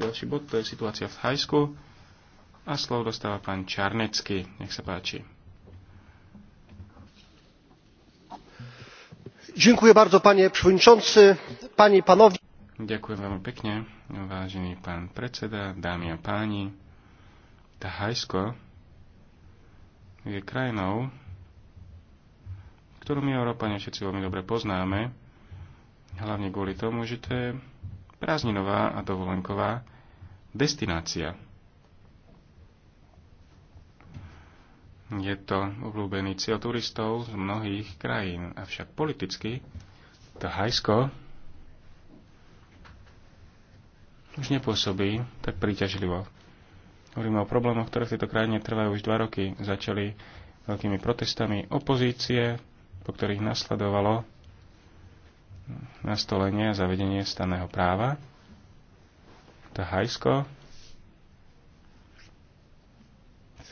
Ďalší bod to je situácia v Thajsku. A slovo dostáva pán Čarnecký. Nech sa páči. Ďakujem bardzo panie przewodniczący, pani panowie. Ďakujem veľmi pekne, vážený pán predseda, dámy a páni. Thajsko je krajinou, ktorú my Európania všetci veľmi dobre poznáme, hlavne kvôli tomu, že to je prázdninová a dovolenková destinácia. Je to obľúbený cieľ turistov z mnohých krajín, avšak politicky to Hajsko. už nepôsobí tak príťažlivo. Hovoríme o problémoch, ktoré v tejto krajine trvajú už dva roky. Začali veľkými protestami opozície, po ktorých nasledovalo nastolenie a zavedenie staného práva. Hajsko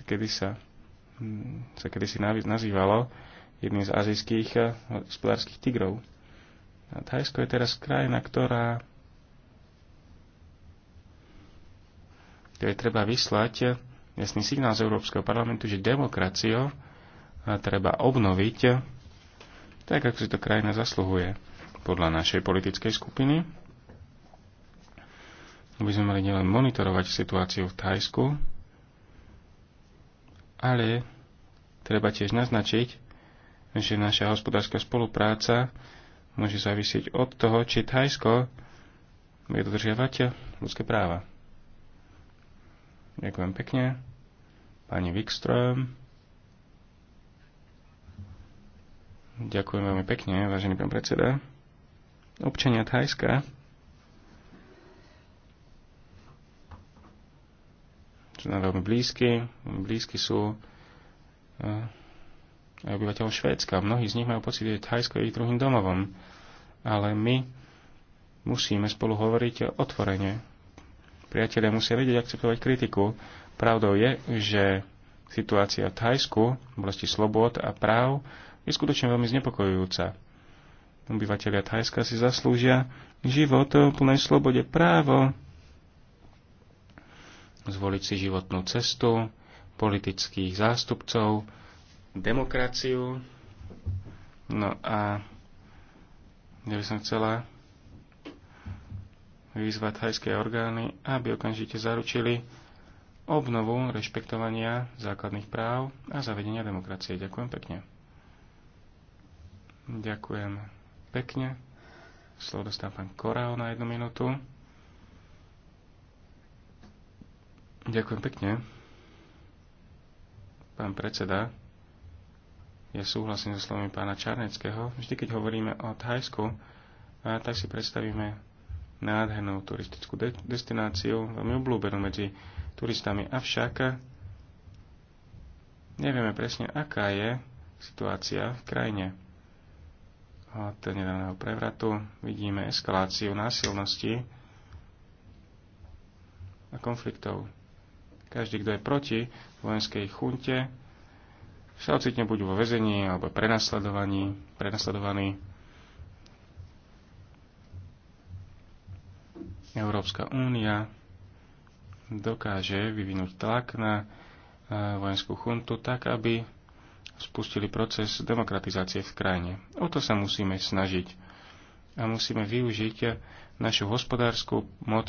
kedy sa, hm, sa kedy si nazývalo jedným z azijských eh, hospodárskych tigrov. A Thajsko je teraz krajina, ktorá ktorej treba vyslať eh, jasný signál z Európskeho parlamentu, že demokraciu eh, treba obnoviť tak, ako si to krajina zasluhuje podľa našej politickej skupiny aby sme mali nielen monitorovať situáciu v Thajsku, ale treba tiež naznačiť, že naša hospodárska spolupráca môže závisieť od toho, či Thajsko bude dodržiavať ľudské práva. Ďakujem pekne. Pani Wikström. Ďakujem veľmi pekne, vážený pán predseda. Občania Thajska Sú nám veľmi blízky. Blízky sú e, aj obyvateľov Švédska. Mnohí z nich majú pocit, že Thajsko je ich druhým domovom. Ale my musíme spolu hovoriť otvorene. Priatelia musia vedieť akceptovať kritiku. Pravdou je, že situácia v Thajsku v oblasti slobod a práv je skutočne veľmi znepokojujúca. Obyvateľia Thajska si zaslúžia život plnej slobode právo zvoliť si životnú cestu, politických zástupcov, demokraciu. No a ja by som chcela vyzvať thajské orgány, aby okamžite zaručili obnovu rešpektovania základných práv a zavedenia demokracie. Ďakujem pekne. Ďakujem pekne. Slovo dostáva pán Korao na jednu minútu. Ďakujem pekne. Pán predseda, ja súhlasím so slovami pána Čarneckého. Vždy, keď hovoríme o Thajsku, tak si predstavíme nádhernú turistickú de- destináciu, veľmi obľúbenú medzi turistami. Avšak nevieme presne, aká je situácia v krajine. Od nedávneho prevratu vidíme eskaláciu násilnosti a konfliktov každý, kto je proti vojenskej chunte, sa ocitne buď vo vezení alebo prenasledovaní, prenasledovaný. Európska únia dokáže vyvinúť tlak na e, vojenskú chuntu tak, aby spustili proces demokratizácie v krajine. O to sa musíme snažiť a musíme využiť našu hospodárskú moc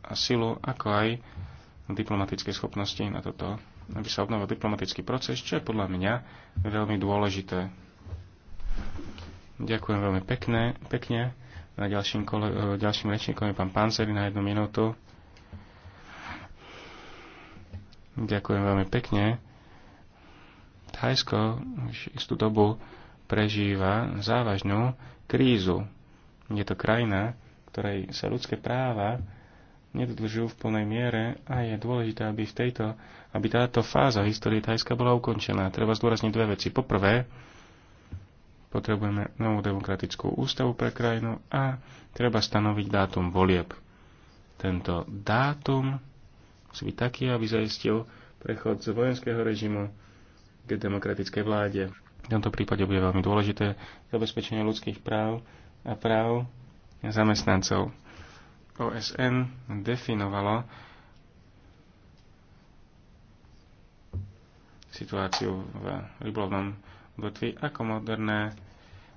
a silu, ako aj diplomatické schopnosti na toto, aby sa obnovil diplomatický proces, čo je podľa mňa veľmi dôležité. Ďakujem veľmi pekne, pekne. Na ďalším, kole, e, ďalším rečníkom je pán Panzeri na jednu minútu. Ďakujem veľmi pekne. Thajsko už istú dobu prežíva závažnú krízu. Je to krajina, ktorej sa ľudské práva nedodržujú v plnej miere a je dôležité, aby, v tejto, aby táto fáza histórie Thajska bola ukončená. Treba zdôrazniť dve veci. Poprvé, potrebujeme novú demokratickú ústavu pre krajinu a treba stanoviť dátum volieb. Tento dátum musí byť taký, aby zaistil prechod z vojenského režimu k demokratickej vláde. V tomto prípade bude veľmi dôležité zabezpečenie ľudských práv a práv zamestnancov. OSN definovalo situáciu v rybolovnom odvetví ako moderné,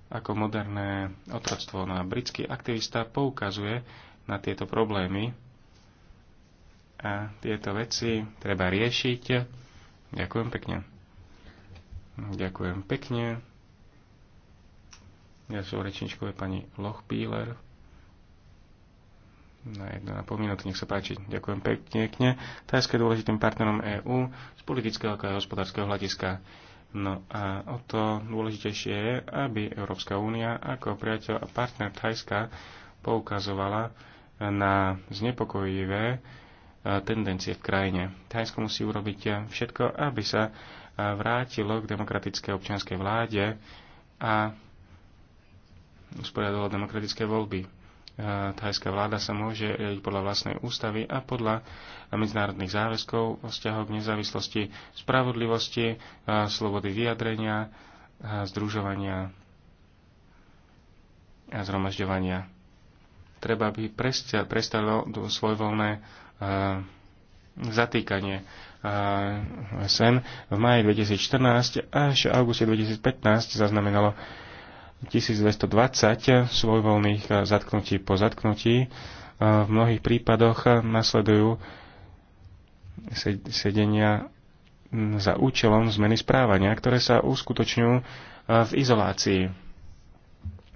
ako moderné otroctvo. No a britský aktivista poukazuje na tieto problémy a tieto veci treba riešiť. Ďakujem pekne. Ďakujem pekne. Ja som rečničkové je pani Lochpíler na 1,5 minúty. Nech sa páči. Ďakujem pekne. Tajska je dôležitým partnerom EÚ z politického a hospodárskeho hľadiska. No a o to dôležitejšie je, aby Európska únia ako priateľ a partner Thajska poukazovala na znepokojivé e, tendencie v krajine. Thajsko musí urobiť všetko, aby sa e, vrátilo k demokratickej občianskej vláde a usporiadalo demokratické voľby thajská vláda sa môže riadiť podľa vlastnej ústavy a podľa medzinárodných záväzkov vzťahu k nezávislosti, spravodlivosti, slobody vyjadrenia, združovania a zhromažďovania. Treba by prestalo voľné zatýkanie sen v maji 2014 až auguste 2015 zaznamenalo 1220 svojvoľných eh, zatknutí po zatknutí. Eh, v mnohých prípadoch eh, nasledujú sedenia hm, za účelom zmeny správania, ktoré sa uskutočňujú v izolácii.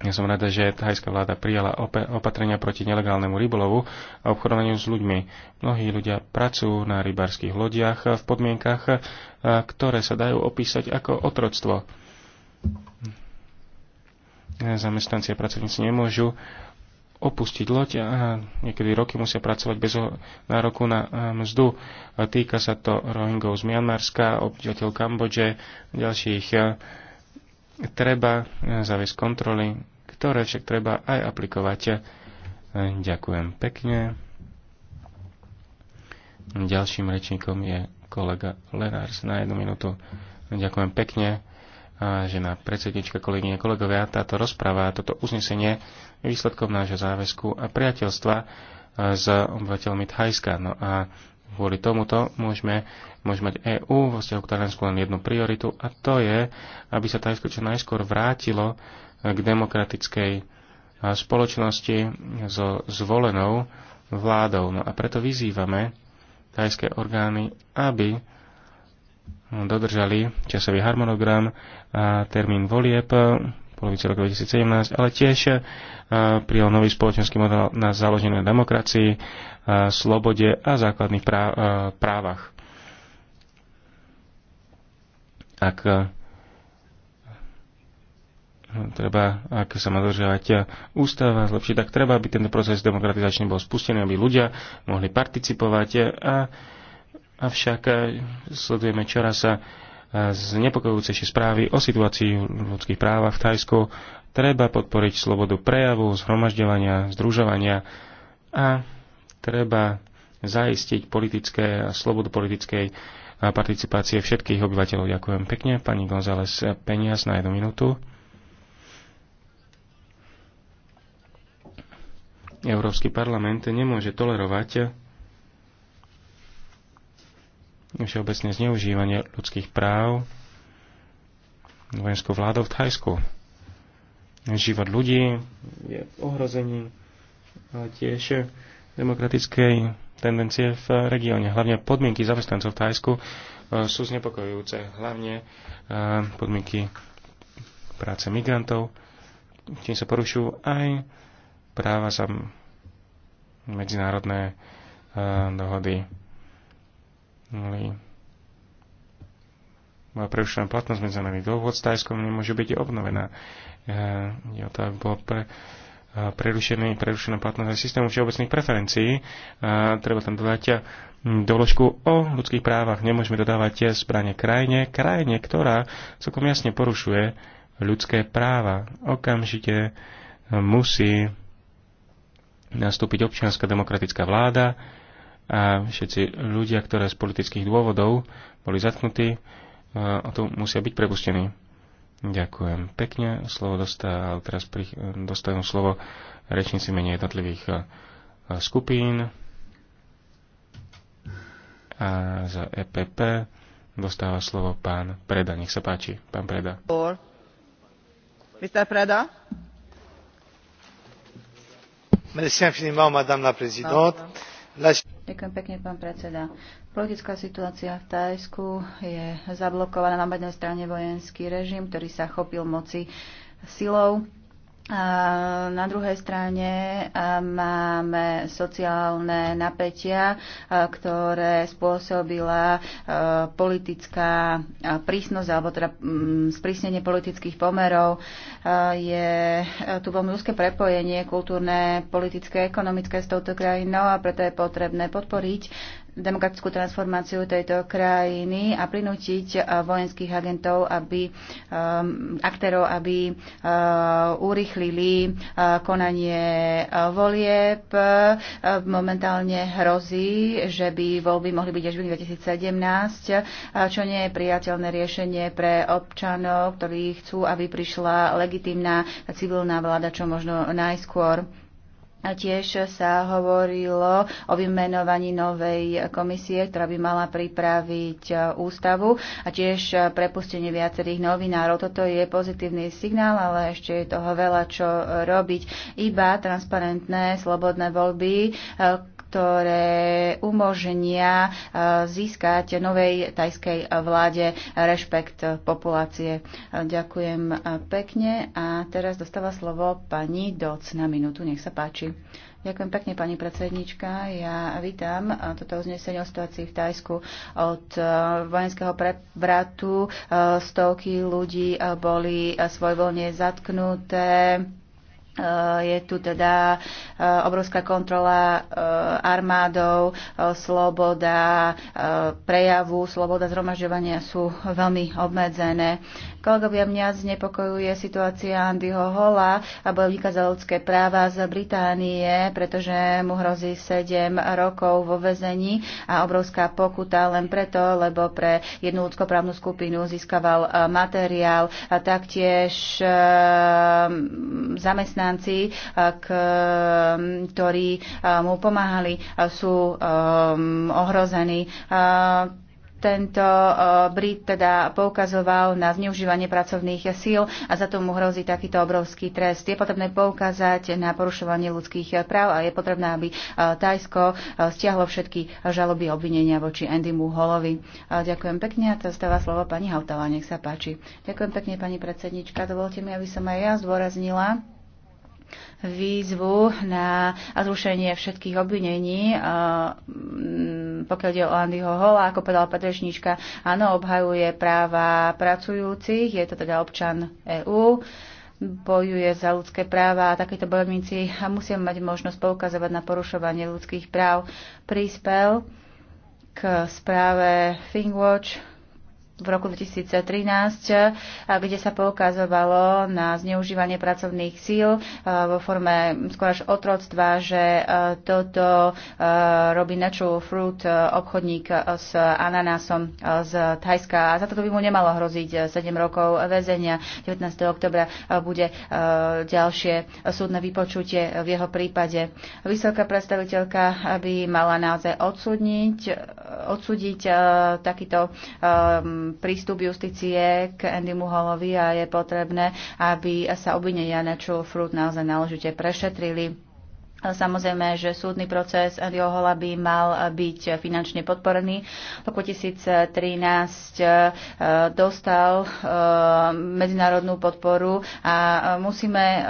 Ja som rada, že thajská vláda prijala opatrenia proti nelegálnemu rybolovu a obchodovaniu s ľuďmi. Mnohí ľudia pracujú na rybárskych lodiach v podmienkach, ktoré sa dajú opísať ako otroctvo zamestnanci a pracovníci nemôžu opustiť loď a niekedy roky musia pracovať bez nároku na eh, mzdu. Týka sa to Rohingov z Mianmarska, obyvateľ Kambodže, ďalších. Eh, treba eh, zaviesť kontroly, ktoré však treba aj aplikovať. Ďakujem pekne. Ďalším rečníkom je kolega Lenárs na jednu minútu. Ďakujem pekne žena predsednička, kolegyne, kolegovia, táto rozpráva, toto uznesenie je výsledkom nášho záväzku a priateľstva s obyvateľmi Thajska. No a kvôli tomuto môžeme, môžeme mať EÚ vo vzťahu k Taliansku len jednu prioritu a to je, aby sa Thajsko čo najskôr vrátilo k demokratickej spoločnosti so zvolenou vládou. No a preto vyzývame tajské orgány, aby dodržali časový harmonogram a termín volieb polovici roku 2017, ale tiež e, prijal nový spoločenský model na založené demokracii, e, slobode a základných e, právach. Ak no, treba, ak sa má dodržiavať ústava zlepšiť, tak treba, aby tento proces demokratizačný bol spustený, aby ľudia mohli participovať a Avšak e, sledujeme čoraz e, znepokojujúcejšie správy o situácii v ľudských právach v Thajsku. Treba podporiť slobodu prejavu, zhromažďovania, združovania a treba zaistiť politické a slobodu politickej participácie všetkých obyvateľov. Ďakujem pekne. Pani González Penias na jednu minútu. Európsky parlament nemôže tolerovať všeobecne zneužívanie ľudských práv vojenskou vládou v Thajsku. Život ľudí je ohrozený, ale tiež demokratickej tendencie v regióne. Hlavne podmienky zamestnancov v Thajsku e, sú znepokojujúce. Hlavne e, podmienky práce migrantov, tým sa porušujú aj práva za medzinárodné e, dohody mali bola prerušená platnosť nami dohôd s Tajskom, nemôže byť obnovená. Je o to, bolo pre, prerušený, prerušená platnosť aj systému všeobecných preferencií. A treba tam dodať doložku o ľudských právach. Nemôžeme dodávať tie zbranie krajine, krajine, ktorá celkom jasne porušuje ľudské práva. Okamžite e, musí nastúpiť občianská demokratická vláda, a všetci ľudia, ktoré z politických dôvodov boli zatknutí, e, o to musia byť prepustení. Ďakujem pekne. Slovo dostal, teraz dostanú slovo rečníci menej jednotlivých e, skupín. A za EPP dostáva slovo pán Preda. Nech sa páči, pán Preda. Mr. Preda? Merci infiniment, madame la présidente. La... Ďakujem pekne, pán predseda. Politická situácia v Tajsku je zablokovaná na jednej strane vojenský režim, ktorý sa chopil moci silou na druhej strane máme sociálne napätia, ktoré spôsobila politická prísnosť alebo teda mm, sprísnenie politických pomerov. Je tu veľmi úzke prepojenie kultúrne, politické, ekonomické s touto krajinou a preto je potrebné podporiť demokratickú transformáciu tejto krajiny a prinútiť eh, vojenských agentov, aby eh, aktérov, aby eh, urychlili konanie volieb. Momentálne hrozí, že by voľby mohli byť až v 2017, čo nie je priateľné riešenie pre občanov, ktorí chcú, aby prišla legitimná civilná vláda, čo možno najskôr. Tiež sa hovorilo o vymenovaní novej komisie, ktorá by mala pripraviť e, ústavu a tiež e, prepustenie viacerých novinárov. Toto je pozitívny signál, ale ešte je toho veľa čo robiť. Iba transparentné, slobodné voľby, e, ktoré umožnia e, získať novej tajskej vláde rešpekt populácie. E, ďakujem e, pekne a teraz dostáva slovo pani Doc na minútu. Nech sa páči. Ďakujem pekne, pani predsednička. Ja vítam toto uznesenie o situácii v Tajsku. Od vojenského prevratu stovky ľudí boli svojvoľne zatknuté Eh, je tu teda eh, obrovská kontrola eh, armádov, sloboda prejavu, sloboda zhromažďovania sú veľmi obmedzené. Kolegovia, mňa znepokojuje situácia Andyho Hola a bojovníka za ľudské práva z Británie, pretože mu hrozí 7 rokov vo vezení a obrovská pokuta len preto, lebo pre jednu ľudskoprávnu skupinu získaval materiál a taktiež zamestnanie zamestnanci, eh, ktorí eh, mu pomáhali, eh, sú ohrození tento Brit teda poukazoval na zneužívanie pracovných síl a za to mu hrozí takýto obrovský trest. Je potrebné poukázať na porušovanie ľudských práv a je potrebné, aby Tajsko stiahlo všetky žaloby obvinenia voči Andymu Holovi. Ďakujem pekne a to stáva slovo pani Hautala, nech sa páči. Ďakujem pekne, pani predsednička. Dovolte mi, aby som aj ja zdôraznila, výzvu na zrušenie všetkých obvinení, mm, pokiaľ ide o Andyho Hola, ako povedala Patrešnička, áno, obhajuje práva pracujúcich, je to teda občan EÚ bojuje za ľudské práva a takíto bojovníci musia mať možnosť poukazovať na porušovanie ľudských práv. príspel k správe Thingwatch v roku 2013, kde sa poukazovalo na zneužívanie pracovných síl vo forme skôr až otroctva, že toto robí natural fruit obchodník s ananásom z Thajska. A za toto by mu nemalo hroziť 7 rokov väzenia. 19. oktobra bude ďalšie súdne vypočutie v jeho prípade. Vysoká predstaviteľka by mala naozaj odsúdiť, odsúdiť takýto prístup justície k Andymu Hallovi a je potrebné, aby sa obvinenia na Fruit naozaj náležite prešetrili. Samozrejme, že súdny proces Andyho Hola by mal byť finančne podporený. V roku 2013 e, dostal e, medzinárodnú podporu a musíme e,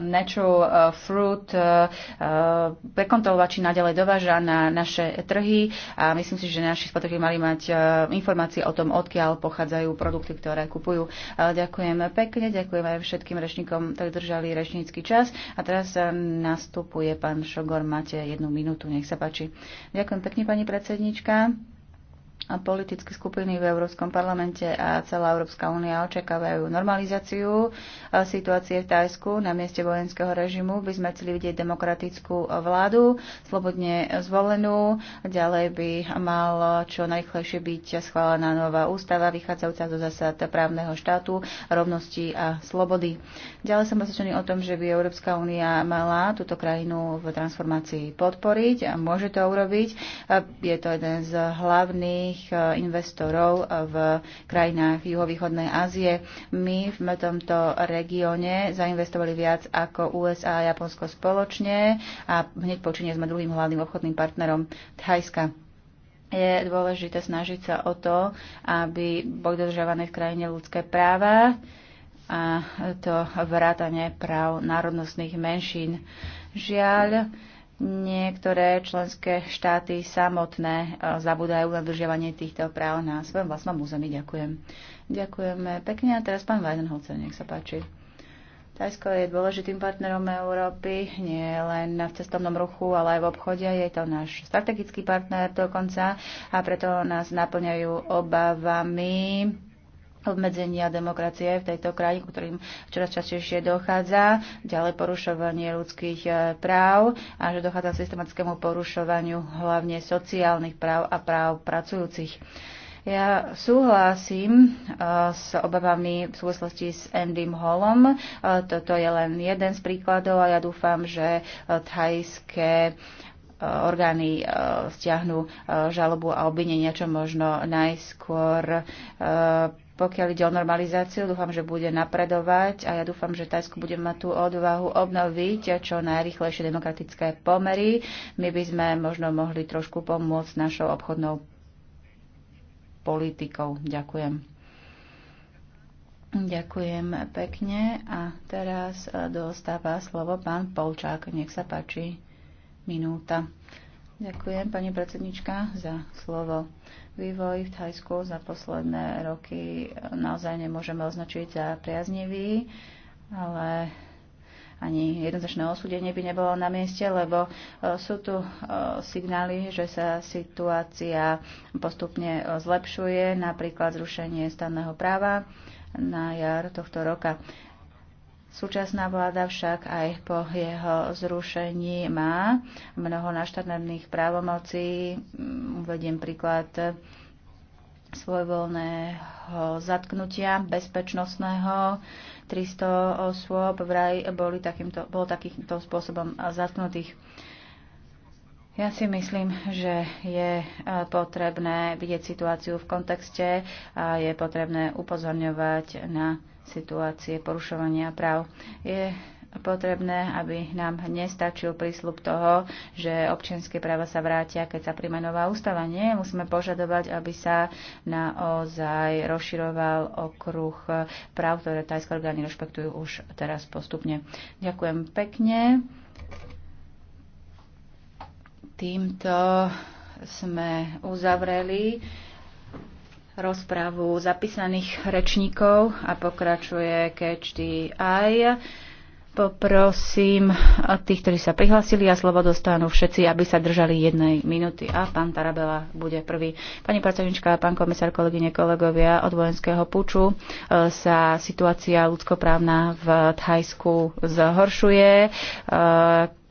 natural uh, fruit uh, uh, prekontrolovať, či naďalej dováža na naše trhy a myslím si, že naši spotrebitelia mali mať informácie o tom, odkiaľ pochádzajú produkty, ktoré kupujú. Ďakujem pekne, ďakujem aj všetkým rečníkom, ktorí držali rečnícky čas a teraz nastupuje pán Šogor, máte jednu minútu, nech sa páči. Ďakujem pekne, pani predsednička politické skupiny v Európskom parlamente a celá Európska únia očakávajú normalizáciu situácie v Tajsku. Na mieste vojenského režimu by sme chceli vidieť demokratickú vládu, slobodne zvolenú. Ďalej by mal čo najrychlejšie byť schválená nová ústava, vychádzajúca zo zásad právneho štátu, rovnosti a slobody. Ďalej som presvedčený o tom, že by Európska únia mala túto krajinu v transformácii podporiť a môže to urobiť. Je to jeden z hlavných zahraničných e, investorov e, v krajinách juhovýchodnej Ázie. My v tomto regióne zainvestovali viac ako USA a Japonsko spoločne a hneď po sme druhým hlavným obchodným partnerom Thajska je dôležité snažiť sa o to, aby boli dodržiavané v krajine ľudské práva a to vrátanie práv národnostných menšín. Žiaľ, Niektoré členské štáty samotné e, zabúdajú na držiavanie týchto práv na svojom vlastnom území. Ďakujem. Ďakujeme pekne. A teraz pán Weidenholzer, nech sa páči. Tajsko je dôležitým partnerom Európy, nie len v cestovnom ruchu, ale aj v obchode. Je to náš strategický partner dokonca a preto nás naplňajú obavami obmedzenia demokracie v tejto krajine, ktorým čoraz častejšie dochádza, ďalej porušovanie ľudských e, práv a že dochádza k systematickému porušovaniu hlavne sociálnych práv a práv pracujúcich. Ja súhlasím e, s obavami v súvislosti s Andym Hallom. E, toto je len jeden z príkladov a ja dúfam, že thajské orgány stiahnu žalobu a obvinenia, čo možno najskôr pokiaľ ide o normalizáciu, dúfam, že bude napredovať a ja dúfam, že Tajsko bude mať tú odvahu obnoviť čo najrychlejšie demokratické pomery. My by sme možno mohli trošku pomôcť našou obchodnou politikou. Ďakujem. Ďakujem pekne a teraz e, dostáva slovo pán Polčák. Nech sa páči. Minúta. Ďakujem, pani predsednička, za slovo. Vývoj v Thajsku za posledné roky naozaj nemôžeme označiť za priaznivý, ale ani jednoznačné osúdenie by nebolo na mieste, lebo e, sú tu e, signály, že sa situácia postupne e, zlepšuje, napríklad zrušenie stanného práva na jar tohto roka. Súčasná vláda však aj po jeho zrušení má mnoho naštandardných právomocí. Mm, Uvediem príklad svojvoľného zatknutia bezpečnostného. 300 osôb vraj boli takýmto, bol takýmto spôsobom zatknutých. Ja si myslím, že je e, potrebné vidieť situáciu v kontexte a je potrebné upozorňovať na situácie porušovania práv. Je potrebné, aby nám nestačil prísľub toho, že občianské práva sa vrátia, keď sa príjme nová ústava. Nie, musíme požadovať, aby sa naozaj rozširoval okruh práv, ktoré tajské orgány rešpektujú už teraz postupne. Ďakujem pekne. Týmto sme uzavreli rozprávu zapísaných rečníkov a pokračuje Catch the Eye. Poprosím tých, ktorí sa prihlásili a slovo dostanú všetci, aby sa držali jednej minúty. A pán Tarabela bude prvý. Pani pracovnička, pán komisár, kolegyne, kolegovia, od vojenského puču e, sa situácia ľudskoprávna v Thajsku zhoršuje e,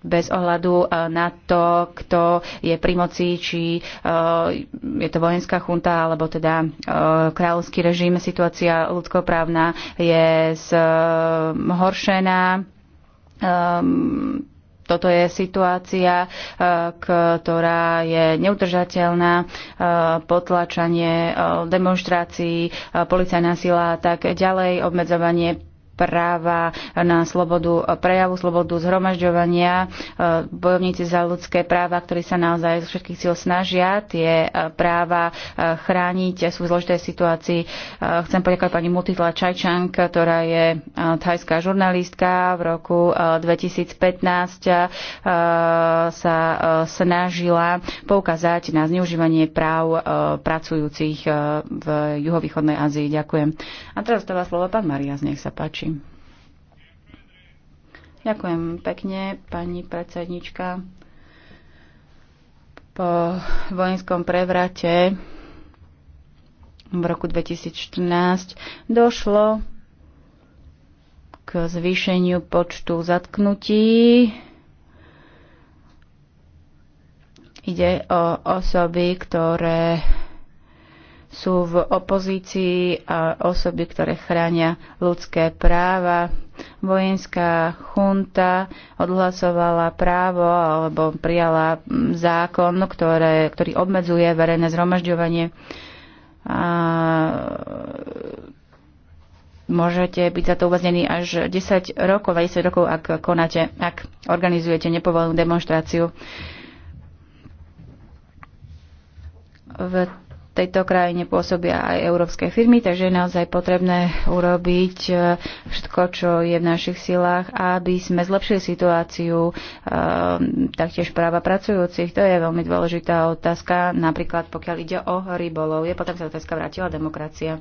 bez ohľadu eh, na to, kto je pri moci, či eh, je to vojenská chunta alebo teda eh, kráľovský režim. Situácia ľudskoprávna je zhoršená. Ehm, toto je situácia, ktorá je neudržateľná, potlačanie demonstrácií, policajná sila a tak ďalej, obmedzovanie práva na slobodu prejavu, slobodu zhromažďovania E, bojovníci za ľudské práva, ktorí sa naozaj zo všetkých síl snažia tie e, práva e, chrániť, sú v zložitej situácii. Chcem poďakovať pani Mutitla Čajčank, ktorá je thajská žurnalistka. V roku 2015 sa snažila poukázať na zneužívanie práv pracujúcich v juhovýchodnej Ázii. Ďakujem. A teraz dáva slovo pán Marias, nech sa páči. Ďakujem pekne, pani predsednička. Po vojenskom prevrate v roku 2014 došlo k zvýšeniu počtu zatknutí. Ide o osoby, ktoré sú v opozícii a osoby, ktoré chránia ľudské práva. Vojenská chunta odhlasovala právo alebo prijala zákon, ktoré, ktorý obmedzuje verejné zhromažďovanie. A môžete byť za to uväznení až 10 rokov, 20 rokov, ak konáte, ak organizujete nepovolenú demonstráciu. V tejto krajine pôsobia aj európske firmy, takže je naozaj potrebné urobiť e, všetko, čo je v našich silách, aby sme zlepšili situáciu e, taktiež práva pracujúcich. To je veľmi dôležitá otázka, napríklad pokiaľ ide o rybolov. Je potom sa otázka vrátila demokracia.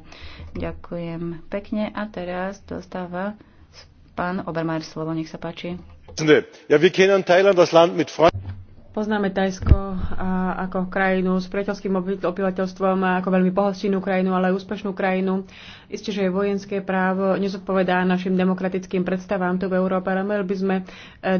Ďakujem pekne a teraz dostáva pán Obermeier slovo, nech sa páči. Ja, wir kennen Thailand, das Land mit Freunden. Poznáme Tajsko ako krajinu s priateľským obyvateľstvom a ako veľmi pohostinnú krajinu, ale aj úspešnú krajinu. Isté, že je vojenské právo nezodpovedá našim demokratickým predstavám tu v Európe, ale mali by sme e,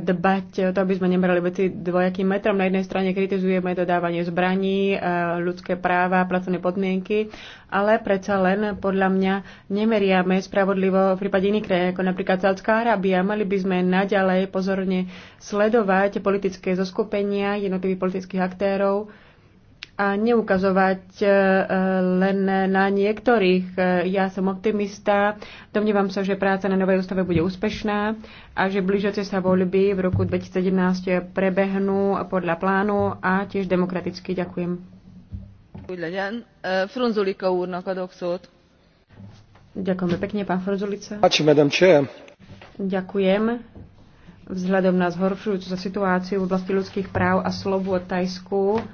dbať to, aby sme nemerali veci dvojakým metrom. Na jednej strane kritizujeme dodávanie zbraní, e, ľudské práva, pracovné podmienky, ale predsa len podľa mňa nemeriame spravodlivo v prípade iných krajín, ako napríklad Saudská Arábia. Mali by sme naďalej pozorne sledovať politické zoskupenie konania jednotlivých politických aktérov a neukazovať e, e, len na niektorých. E, ja som optimista, domnievam sa, že práca na novej ústave bude úspešná a že blížiace sa voľby v roku 2017 prebehnú podľa plánu a tiež demokraticky. Ďakujem. Ďakujeme pekne, pán Frunzulica. Ďakujem vzhľadom na zhoršujúcu sa situáciu v oblasti ľudských práv a slobôd Tajsku,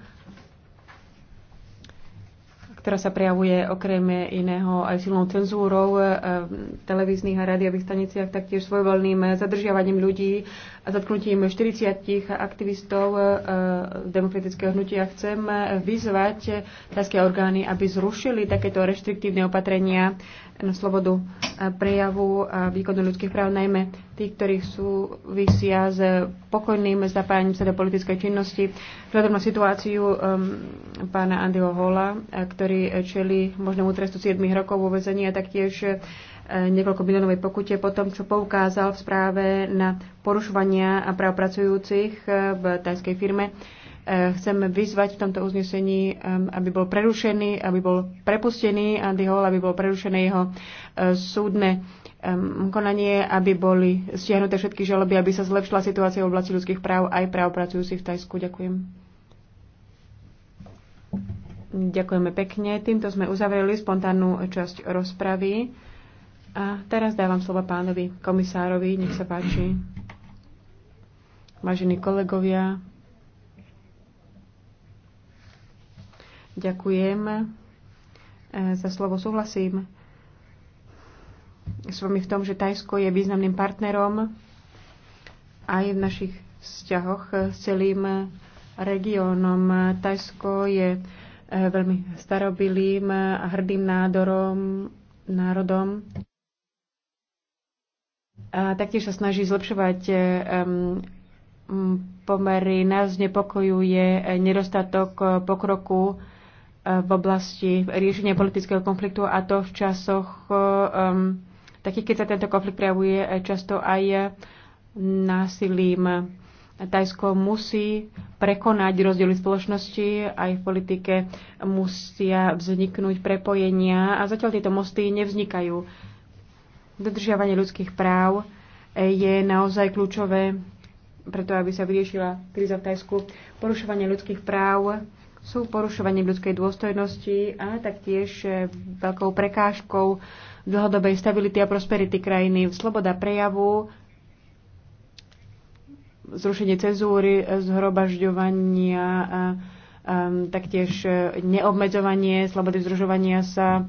ktorá sa prejavuje okrem iného aj silnou cenzúrou eh, v televíznych a rádiových staniciach, taktiež svojvoľným eh, zadržiavaním ľudí, a zatknutím 40 aktivistov e, demokratického hnutia chcem vyzvať tajské orgány, aby zrušili takéto reštriktívne opatrenia na slobodu prejavu a výkonu ľudských práv, najmä tých, ktorých súvisia s pokojným zapájaním sa do politickej činnosti. Vzhľadom na situáciu um, pána Andyho Hola, e, ktorý čeli možnému trestu 7 rokov vo vezení a taktiež niekoľko miliónovej pokute po tom, čo poukázal v správe na porušovania a práv pracujúcich eh, v tajskej firme. Eh, chcem vyzvať v tomto uznesení, eh, aby bol prerušený, aby bol prepustený Andy Hall, aby bol prerušené jeho súdne konanie, aby boli stiahnuté všetky žaloby, aby sa zlepšila situácia v oblasti ľudských práv aj práv pracujúcich v Tajsku. Ďakujem. Ďakujeme pekne. Týmto sme uzavreli spontánnu časť rozpravy. A teraz dávam slovo pánovi komisárovi, nech sa páči. Vážení kolegovia, ďakujem eh, za slovo súhlasím s vami v tom, že Tajsko je významným partnerom aj v našich vzťahoch s celým regiónom. Tajsko je eh, veľmi starobilým a hrdým nádorom, národom. A taktiež sa snaží zlepšovať e, pomery. Nás nepokojuje e, nedostatok e, pokroku v oblasti riešenia politického konfliktu a to v časoch um, takých, keď sa tento konflikt prejavuje často aj násilím. Tajsko musí prekonať rozdiely spoločnosti, aj v politike musia vzniknúť prepojenia a zatiaľ tieto mosty nevznikajú. Dodržiavanie ľudských práv je naozaj kľúčové preto, aby sa vyriešila kríza v Tajsku. Porušovanie ľudských práv sú porušovaním ľudskej dôstojnosti a taktiež veľkou prekážkou dlhodobej stability a prosperity krajiny. Sloboda prejavu, zrušenie cenzúry, zhromažďovania, taktiež neobmedzovanie slobody združovania sa,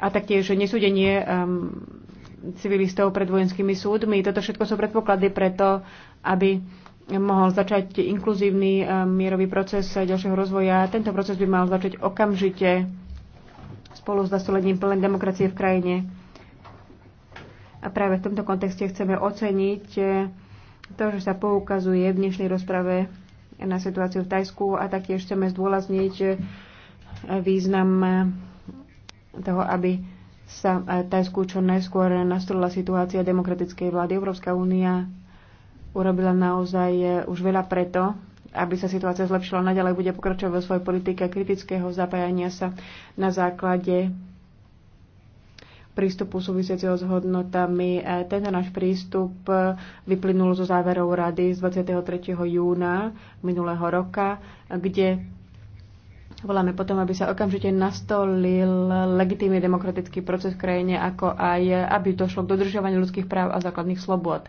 a taktiež nesúdenie um, civilistov pred vojenskými súdmi. Toto všetko sú predpoklady preto, aby mohol začať inkluzívny um, mierový proces ďalšieho rozvoja. Tento proces by mal začať okamžite spolu s nastolením plnej demokracie v krajine. A práve v tomto kontexte chceme oceniť eh, to, že sa poukazuje v dnešnej rozprave na situáciu v Tajsku a taktiež chceme zdôrazniť eh, význam eh, toho, aby sa e, Tajsku čo najskôr nastolila situácia demokratickej vlády. Európska únia urobila naozaj e, už veľa preto, aby sa situácia zlepšila. Naďalej bude pokračovať vo svojej politike kritického zapájania sa na základe prístupu súvisiaceho s hodnotami. E, tento náš prístup vyplynul zo záverov rady z 23. júna minulého roka, kde Voláme potom, aby sa okamžite nastolil legitímny demokratický proces v krajine, ako aj aby došlo k dodržovaniu ľudských práv a základných slobod.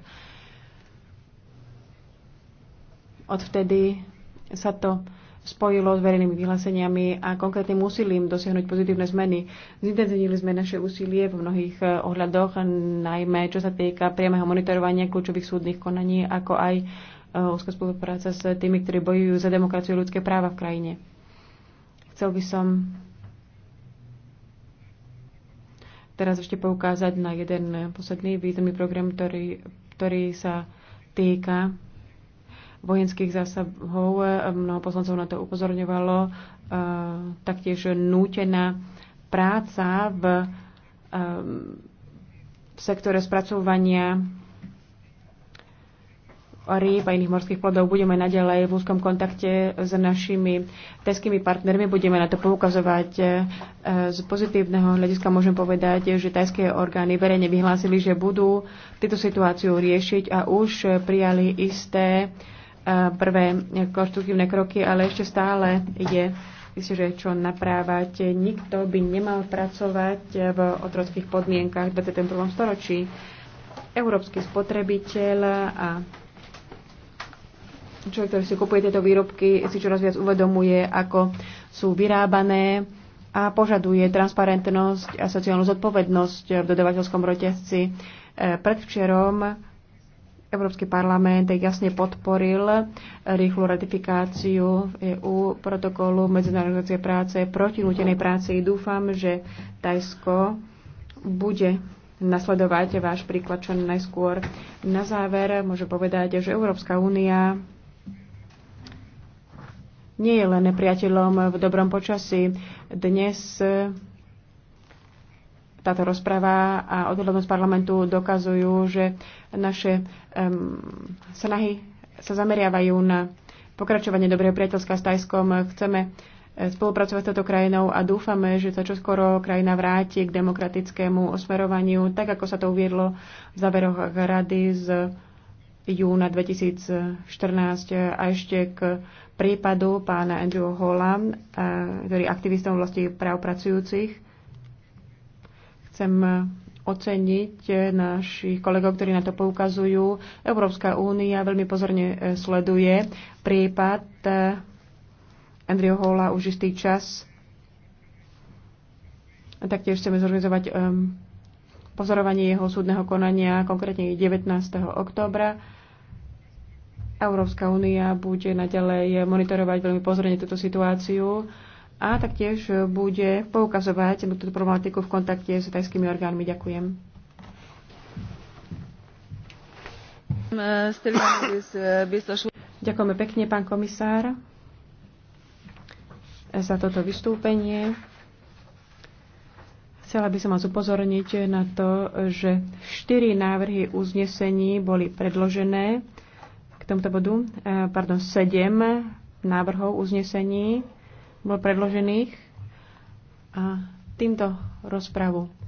Odvtedy sa to spojilo s verejnými vyhláseniami a konkrétnym úsilím dosiahnuť pozitívne zmeny. Zintenzívnili sme naše úsilie v mnohých eh, ohľadoch, najmä čo sa týka priameho monitorovania kľúčových súdnych konaní, ako aj eh, úzka spolupráca s tými, ktorí bojujú za demokraciu a ľudské práva v krajine. Chcel by som teraz ešte poukázať na jeden posledný významný program, ktorý, ktorý sa týka vojenských zásahov. Mnoho poslancov na to upozorňovalo. E, taktiež nútená práca v, e, v sektore spracovania rýb a iných morských plodov. Budeme naďalej v úzkom kontakte s našimi teskými partnermi, budeme na to poukazovať. E, z pozitívneho hľadiska môžem povedať, že tajské orgány verejne vyhlásili, že budú túto situáciu riešiť a už prijali isté e, prvé konštruktívne kroky, ale ešte stále je Myslím, že čo naprávať. Nikto by nemal pracovať v otrockých podmienkach v 21. storočí. Európsky spotrebiteľ a človek, ktorý si kupuje tieto výrobky, si čoraz viac uvedomuje, ako sú vyrábané a požaduje transparentnosť a sociálnu zodpovednosť v dodavateľskom reťazci. E, predvčerom Európsky parlament jasne podporil rýchlu ratifikáciu EU protokolu Medzinárodnej práce proti nutenej práci. Dúfam, že Tajsko bude nasledovať váš príklad čo najskôr. Na záver môžem povedať, že Európska únia nie je len priateľom v dobrom počasí. Dnes e, táto rozprava a odhodlnosť parlamentu dokazujú, že naše um, snahy sa zameriavajú na pokračovanie dobrého priateľstva s Tajskom. Chceme e, spolupracovať s touto krajinou a dúfame, že sa čoskoro krajina vráti k demokratickému osmerovaniu, tak ako sa to uviedlo v záveroch rady z júna 2014 a ešte k prípadu pána Andrew Hola, eh, ktorý je aktivistom vlasti práv pracujúcich. Chcem eh, oceniť eh, našich kolegov, ktorí na to poukazujú. Európska únia veľmi pozorne sleduje prípad Andrew Hola už istý čas. taktiež chceme zorganizovať pozorovanie jeho súdneho konania, konkrétne 19. oktobra Európska únia bude naďalej monitorovať veľmi pozorne túto situáciu a taktiež bude poukazovať túto problematiku v kontakte s tajskými orgánmi. Ďakujem. Ďakujeme pekne, pán komisár, za toto vystúpenie. Chcela by som vás upozorniť na to, že štyri návrhy uznesení boli predložené. K tomuto bodu, eh, pardon, sedem návrhov uznesení bol predložených a týmto rozpravu